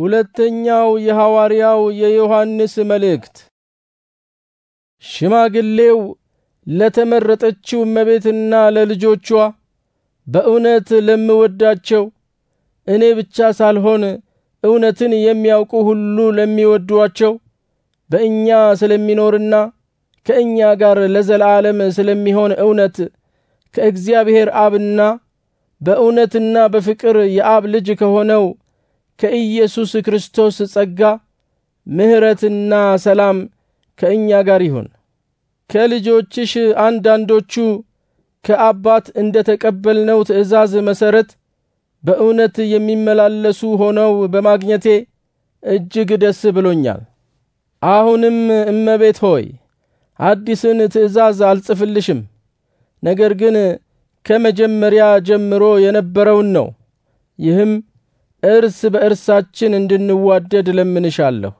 ሁለተኛው የሐዋርያው የዮሐንስ መልእክት። ሽማግሌው ለተመረጠችው እመቤትና ለልጆቿ በእውነት ለምወዳቸው እኔ ብቻ ሳልሆን እውነትን የሚያውቁ ሁሉ ለሚወዷቸው በእኛ ስለሚኖርና ከእኛ ጋር ለዘላለም ስለሚሆን እውነት ከእግዚአብሔር አብና በእውነትና በፍቅር የአብ ልጅ ከሆነው ከኢየሱስ ክርስቶስ ጸጋ ምሕረትና ሰላም ከእኛ ጋር ይሁን። ከልጆችሽ አንዳንዶቹ ከአባት እንደ ተቀበልነው ትእዛዝ መሰረት በእውነት የሚመላለሱ ሆነው በማግኘቴ እጅግ ደስ ብሎኛል። አሁንም እመቤት ሆይ አዲስን ትእዛዝ አልጽፍልሽም፣ ነገር ግን ከመጀመሪያ ጀምሮ የነበረውን ነው። ይህም እርስ በእርሳችን እንድንዋደድ ለምንሻለሁ።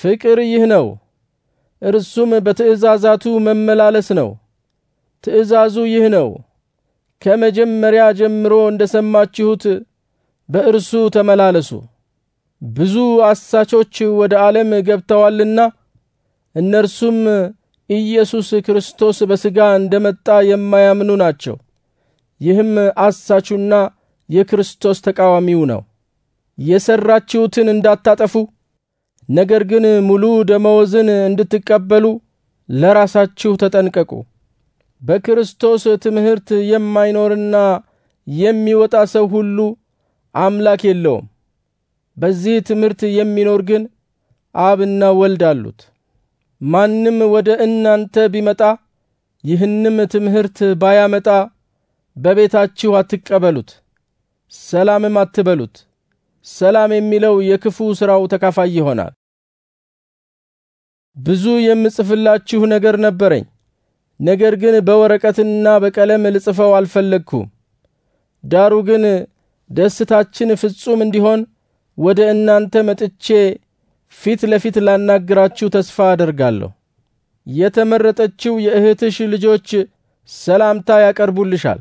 ፍቅር ይህ ነው፣ እርሱም በትእዛዛቱ መመላለስ ነው። ትእዛዙ ይህ ነው፣ ከመጀመሪያ ጀምሮ እንደ ሰማችሁት በእርሱ ተመላለሱ። ብዙ አሳቾች ወደ ዓለም ገብተዋልና እነርሱም ኢየሱስ ክርስቶስ በሥጋ እንደመጣ የማያምኑ ናቸው። ይህም አሳቹና የክርስቶስ ተቃዋሚው ነው። የሰራችሁትን እንዳታጠፉ ነገር ግን ሙሉ ደመወዝን እንድትቀበሉ ለራሳችሁ ተጠንቀቁ። በክርስቶስ ትምህርት የማይኖርና የሚወጣ ሰው ሁሉ አምላክ የለውም። በዚህ ትምህርት የሚኖር ግን አብና ወልድ አሉት። ማንም ወደ እናንተ ቢመጣ ይህንም ትምህርት ባያመጣ በቤታችሁ አትቀበሉት። ሰላምም አትበሉት። ሰላም የሚለው የክፉ ሥራው ተካፋይ ይሆናል። ብዙ የምጽፍላችሁ ነገር ነበረኝ፣ ነገር ግን በወረቀትና በቀለም ልጽፈው አልፈለግኩም። ዳሩ ግን ደስታችን ፍጹም እንዲሆን ወደ እናንተ መጥቼ ፊት ለፊት ላናግራችሁ ተስፋ አደርጋለሁ። የተመረጠችው የእህትሽ ልጆች ሰላምታ ያቀርቡልሻል።